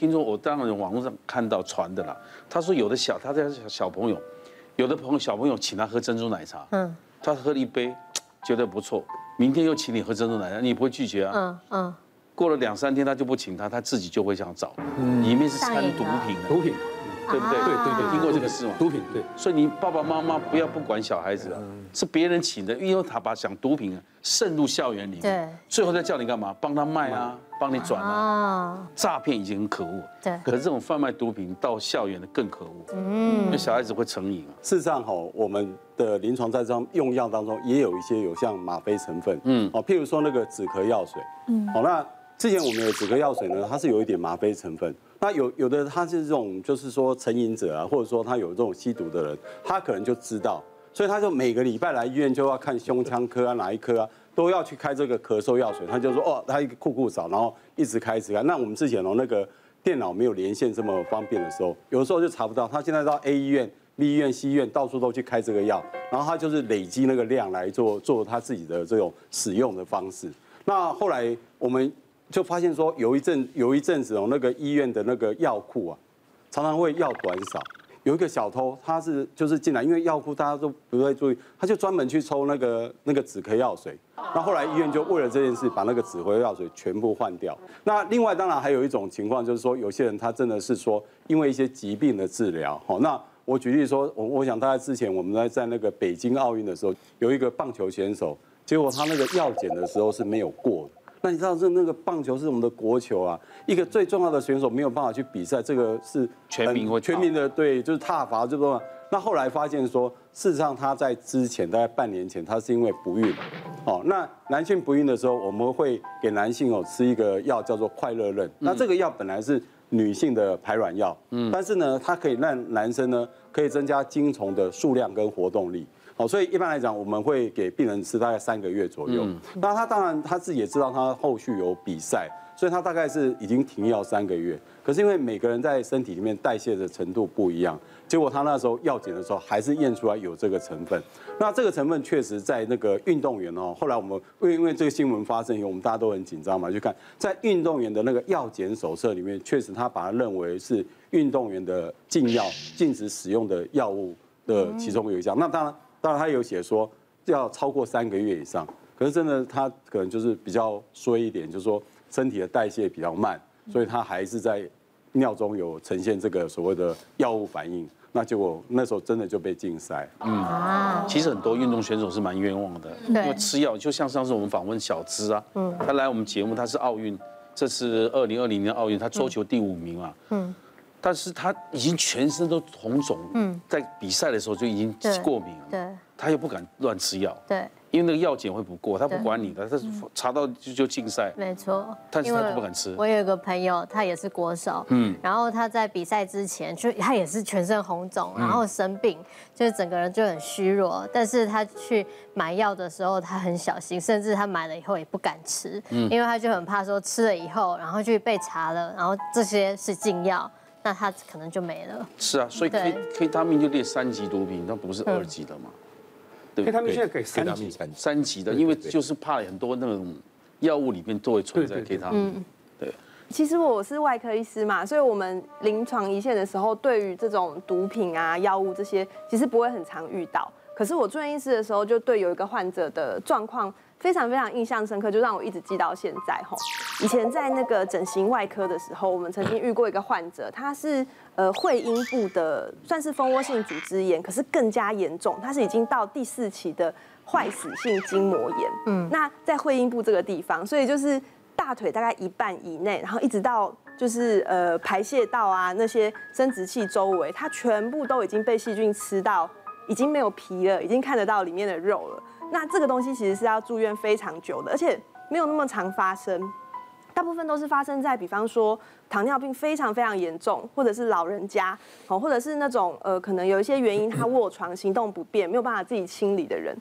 聽說我當然網絡上看到傳的啦。他說有的小，他這樣小朋友，有的朋友小朋友請他喝珍珠奶茶，嗯，他喝了一杯，覺得不錯，明天又請你喝珍珠奶茶，你不會拒絕啊？嗯嗯。過了兩三天他就不請他，他自己就會想找，裡面是摻毒品的也毒品。對不對？對對對，聽過這個事嗎？毒品，毒品對，所以你爸爸媽媽不要不管小孩子啊，是別人請的，因為他把想毒品啊滲入校園裡面，對最後再叫你幹嘛？幫他賣啊，幫你轉啊，哦、詐騙已經很可惡，對。可是這種販賣毒品到校園的更可惡，嗯對，小孩子會成癮。事實上，哈，我們的臨床在這種用藥當中也有一些有像嗎啡成分，嗯，哦，譬如說那個止咳藥水，嗯，好那。之前我們有止咳藥水呢，它是有一點嗎啡成分。那有有的他是這種，就是說成癮者啊，或者說他有這種吸毒的人，他可能就知道，所以他就每個禮拜來醫院就要看胸腔科啊，哪一科啊，都要去開這個咳嗽藥水。他就說哦，他一個酷酷嗽，然後一直開，一直開。那我們之前哦，那個電腦沒有連線這麼方便的時候，有的時候就查不到。他現在到 A 醫院、B 醫院、C 醫院，到處都去開這個藥，然後他就是累積那個量來做做他自己的這種使用的方式。那後來我們。就發現說有一陣有一陣子哦，那個醫院的那個藥庫啊，常常會藥短少。有一個小偷，他是就是進來，因為藥庫大家都不太注意，他就專門去抽那個那個止咳藥水。那後來醫院就為了這件事，把那個止咳藥水全部換掉。那另外當然還有一種情況，就是說有些人他真的是說因為一些疾病的治療，好，那我舉例說，我我想大家之前我們在在那個北京奧運的時候，有一個棒球選手，結果他那個藥檢的時候是沒有過的。那你知道這那個棒球是我們的國球啊，一個最重要的選手沒有辦法去比賽，這個是全民全民的對，就是撻伐最重要。那後來發現說，事實上他在之前大概半年前，他是因為不孕，哦，那男性不孕的時候，我們會給男性哦吃一個藥叫做快樂妊。那這個藥本來是女性的排卵藥，嗯，但是呢，它可以讓男生呢可以增加精蟲的數量跟活動力。哦，所以一般來講，我們會給病人吃大概三個月左右。那他當然他自己也知道，他後續有比賽，所以他大概是已經停藥三個月。可是因為每個人在身體裡面代謝的程度不一樣，結果他那時候藥檢的時候還是驗出來有這個成分。那這個成分確實在那個運動員哦，後來我們因為因為這個新聞發生以後，我們大家都很緊張嘛，去看在運動員的那個藥檢手冊裡面，確實他把它認為是運動員的禁藥，禁止使用的藥物。的其中有一項，那當然，當然他有寫說要超過三個月以上，可是真的他可能就是比較衰一點，就是說身體的代謝比較慢，所以他還是在尿中有呈現這個所謂的藥物反應，那結果那時候真的就被禁賽。嗯，其實很多運動選手是蠻冤枉的，對因為吃藥，就像上次我們訪問小資啊，嗯，他來我們節目他，他是奧運，這次二零二零年奧運他桌球第五名嘛，啊。嗯。嗯但是他已經全身都紅腫，嗯，在比賽的時候就已經過敏了，對，他又不敢亂吃藥，對，因為那個藥檢會不過，他不管你的，他查到就就禁賽，沒錯。但是他都不敢吃。我有一個朋友，他也是國手，嗯，然後他在比賽之前，就他也是全身紅腫，然後生病，就是整個人就很虛弱。但是他去買藥的時候，他很小心，甚至他買了以後也不敢吃，嗯，因為他就很怕說吃了以後，然後就被查了，然後這些是禁藥。那他可能就沒了。是啊，所以 K 對 K 他命就列三級毒品，那不是二級的嘛？對 T 對？對 K 他們現在給三級，三級的，對對對，因為就是怕很多那種藥物裡面都會存在 K 他命。對，對，對，其實我是外科醫師嘛，所以我們臨床一線的時候，對於這種毒品啊、藥物這些，其實不會很常遇到。可是我住院醫師的時候，就對有一個患者的狀況非常非常印象深刻，就讓我一直記到現在。吼，以前在那個整形外科的時候，我們曾經遇過一個患者，他是呃會陰部的算是蜂窩性組織炎，可是更加嚴重，他是已經到第四期的壞死性筋膜炎。嗯，那在會陰部這個地方，所以就是大腿大概一半以內，然後一直到就是呃排泄道啊那些生殖器周圍，它全部都已經被細菌吃到。已經沒有皮了，已經看得到裡面的肉了。那這個東西其實是要住院非常久的，而且沒有那麼常發生。大部分都是發生在比方說糖尿病非常非常嚴重，或者是老人家哦，或者是那種呃可能有一些原因他臥床行動不便，沒有辦法自己清理的人。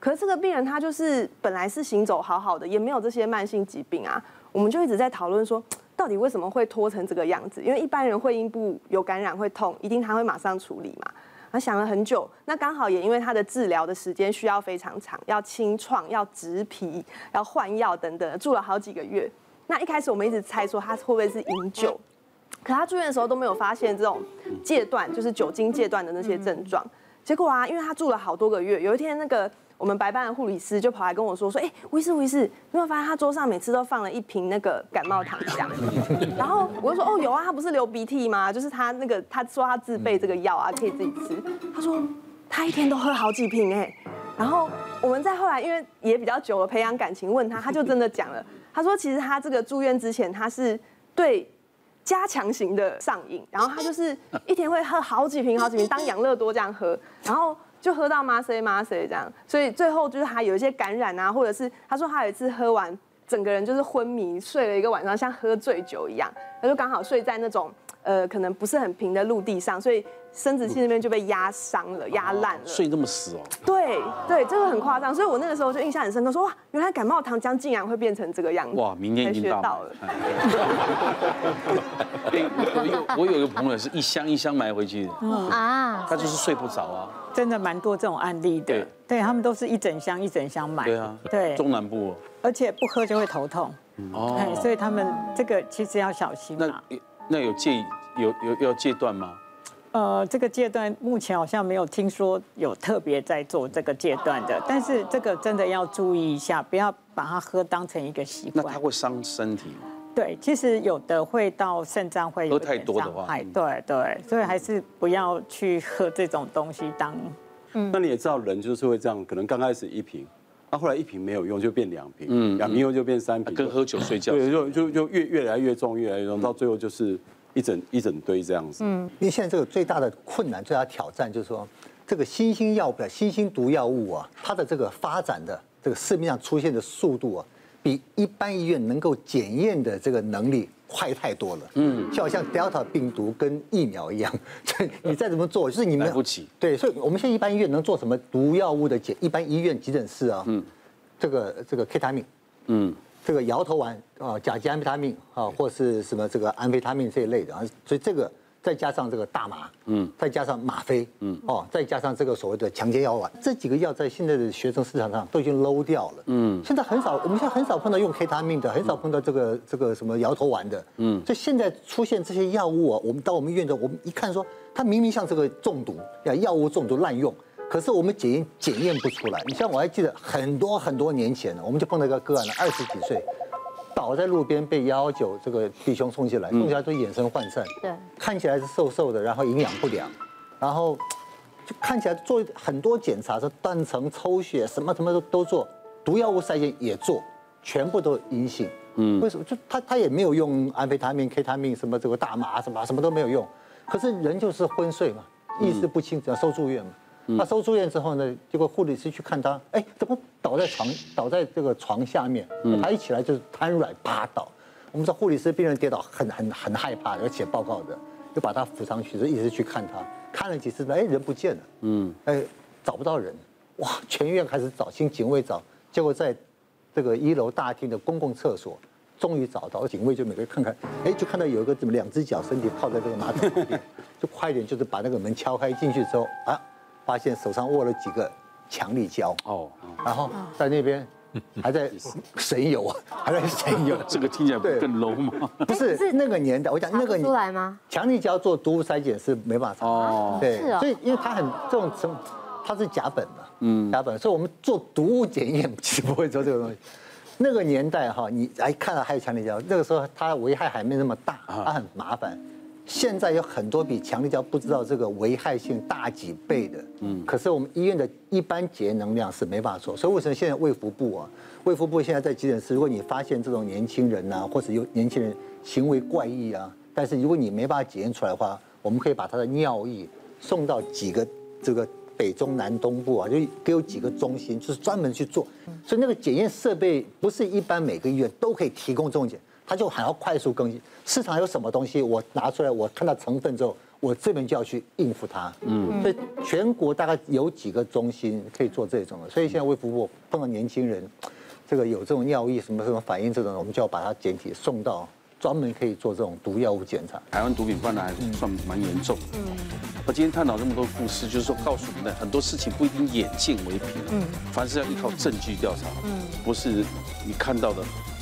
可是這個病人他就是本來是行走好好的，也沒有這些慢性疾病啊，我們就一直在討論說，到底為什麼會拖成這個樣子？因為一般人會陰部有感染會痛，一定他會馬上處理嘛。他想了很久，那剛好也因為他的治療的時間需要非常長，要清創、要植皮、要換藥等等，住了好幾個月。那一開始我們一直猜說他會不會是飲酒，可他住院的時候都沒有發現這種戒斷，就是酒精戒斷的那些症狀。結果啊，因為他住了好多個月，有一天那個。我們白班的護理師就跑來跟我說說，哎，吳醫師，吳醫師，你有沒有發現他桌上每次都放了一瓶那個感冒糖漿？然後我就說，哦，有啊，他不是流鼻涕嗎？就是他那個他說他自備這個藥啊，可以自己吃。他說他一天都喝好幾瓶哎。然後我們再後來，因為也比較久了培養感情，問他，他就真的講了，他說其實他這個住院之前他是對加強型的上癮，然後他就是一天會喝好幾瓶好幾瓶，當養樂多這樣喝。然後。就喝到嗎啡嗎啡這樣，所以最後就是他有一些感染啊，或者是他說他有一次喝完，整個人就是昏迷，睡了一個晚上，像喝醉酒一樣，他就剛好睡在那種。呃，可能不是很平的陸地上，所以生殖器那邊就被壓傷了、壓爛了，睡那麼死哦？對對，這個很誇張，所以我那個時候就印象很深刻，說哇，原來感冒糖漿竟然會變成這個樣子。哇，明天已經到了。我有我有一個朋友是一箱一箱買回去的，嗯啊，他就是睡不着啊。真的蠻多這種案例的，對他們都是一整箱一整箱買。對啊，對，中南部哦，而且不喝就會頭痛，哦，所以他們這個其實要小心嘛那有戒，有有，要戒斷嗎？呃，這個戒斷目前好像沒有聽說有特別在做這個戒斷的，但是這個真的要注意一下，不要把它喝當成一個習慣。那它會傷身體嗎？對，其實有的會到腎臟會有喝太多的話，對對，所以還是不要去喝這種東西當。嗯，那你也知道人就是會這樣，可能剛開始一瓶。後來一瓶沒有用，就變兩瓶，兩、嗯嗯、瓶用就變三瓶，跟喝酒睡覺，對，就就就越越來越重，越來越重，嗯、到最後就是一整一整堆這樣子。嗯，因為現在這個最大的困難、最大的挑戰就是說，這個新興藥物、新興毒藥物啊，它的這個發展的這個市面上出現的速度啊，比一般醫院能夠檢驗的這個能力。快太多了，嗯，就好像 Delta 病毒跟疫苗一樣，你再怎麼做，就是你們不起，對，所以我們現在一般醫院能做什麼毒藥物的解？一般醫院急診室啊、哦，嗯、這個，這個這個 Ketamine 嗯，這個搖頭丸啊、哦，甲基安非他命啊，哦、對或是什麼這個安非他命這一類的啊，所以這個。再加上這個大麻，嗯，再加上嗎啡，嗯，哦，再加上這個所謂的強姦藥丸，這幾個藥在現在的學生市場上都已經 low 掉了，嗯，現在很少，我們現在很少碰到用 k 他命的，很少碰到這個這個什麼搖頭丸的，嗯，所以現在出現這些藥物，啊，我們到我們醫院中，我們一看說，他明明像這個中毒，藥物中毒濫用，可是我們檢驗檢驗不出來。你像我還記得很多很多年前呢，我們就碰到一個個案了，二十幾歲。倒在路邊，被幺幺九這個弟兄衝進來，衝進來，嗯，都眼神渙散，對，看起來是瘦瘦的，然後營養不良，然後就看起來做很多檢查，是斷層、抽血，什麼什麼都都做，毒藥物篩檢也做，全部都陰性。嗯，為什麼？就他他也沒有用安非他命、K 他命什麼這個大麻什麼什麼都沒有用，可是人就是昏睡嘛，意識不清，要收住院嘛。他收住院之後呢，結果護理師去看他，哎、欸，怎麼倒在床，倒在這個床下面，嗯、他一起來就是癱軟趴倒。我們知道護理師病人跌倒很很很害怕，要寫報告的，就把他扶上去，就一直去看他，看了幾次哎、欸，人不見了，嗯，哎、欸，找不到人，哇，全院開始找，先警衛找，結果在，這個一樓大廳的公共廁所，終於找到，警衛就每個人看看，哎、欸，就看到有一個怎麼兩隻腳身體靠在這個馬桶裡面， 就快點就是把那個門敲開進去之後啊。發現手上握了幾個強力膠哦，然後在那邊還在神遊還在神遊。這個聽起來不更 low 嗎？不是，是那個年代，我講那個年代嗎，強力膠做毒物篩檢是沒辦法查哦，對，所以因為它很這種，它是甲苯的嗯，甲苯，所以我們做毒物檢驗其實不會做這個東西。那個年代哈，你來看到還有強力膠，那個時候它危害還沒那麼大，它很麻煩。現在有很多比強力膠不知道這個危害性大幾倍的，嗯，可是我們醫院的一般檢驗能量是沒法做，所以為什麼現在衛福部啊，衛福部現在在急診室，如果你發現這種年輕人吶、啊，或者有年輕人行為怪異啊，但是如果你沒辦法檢驗出來的話，我們可以把他的尿液送到幾個這個北中南東部啊，就給有幾個中心，就是專門去做，所以那個檢驗設備不是一般每個醫院都可以提供這種檢。他就還要快速更新市場有什麼東西，我拿出來，我看到成分之後，我這邊就要去應付它。嗯，所以全國大概有幾個中心可以做這種的。所以現在衛福部碰到年輕人，這個有這種尿液什麼什麼反應這種，我們就要把它檢體送到專門可以做這種毒藥物檢查。台灣毒品泛濫還算蠻嚴重。嗯，我今天探討這麼多故事，就是說告訴你們，很多事情不一定眼見為憑，凡事要依靠證據調查，不是你看到的。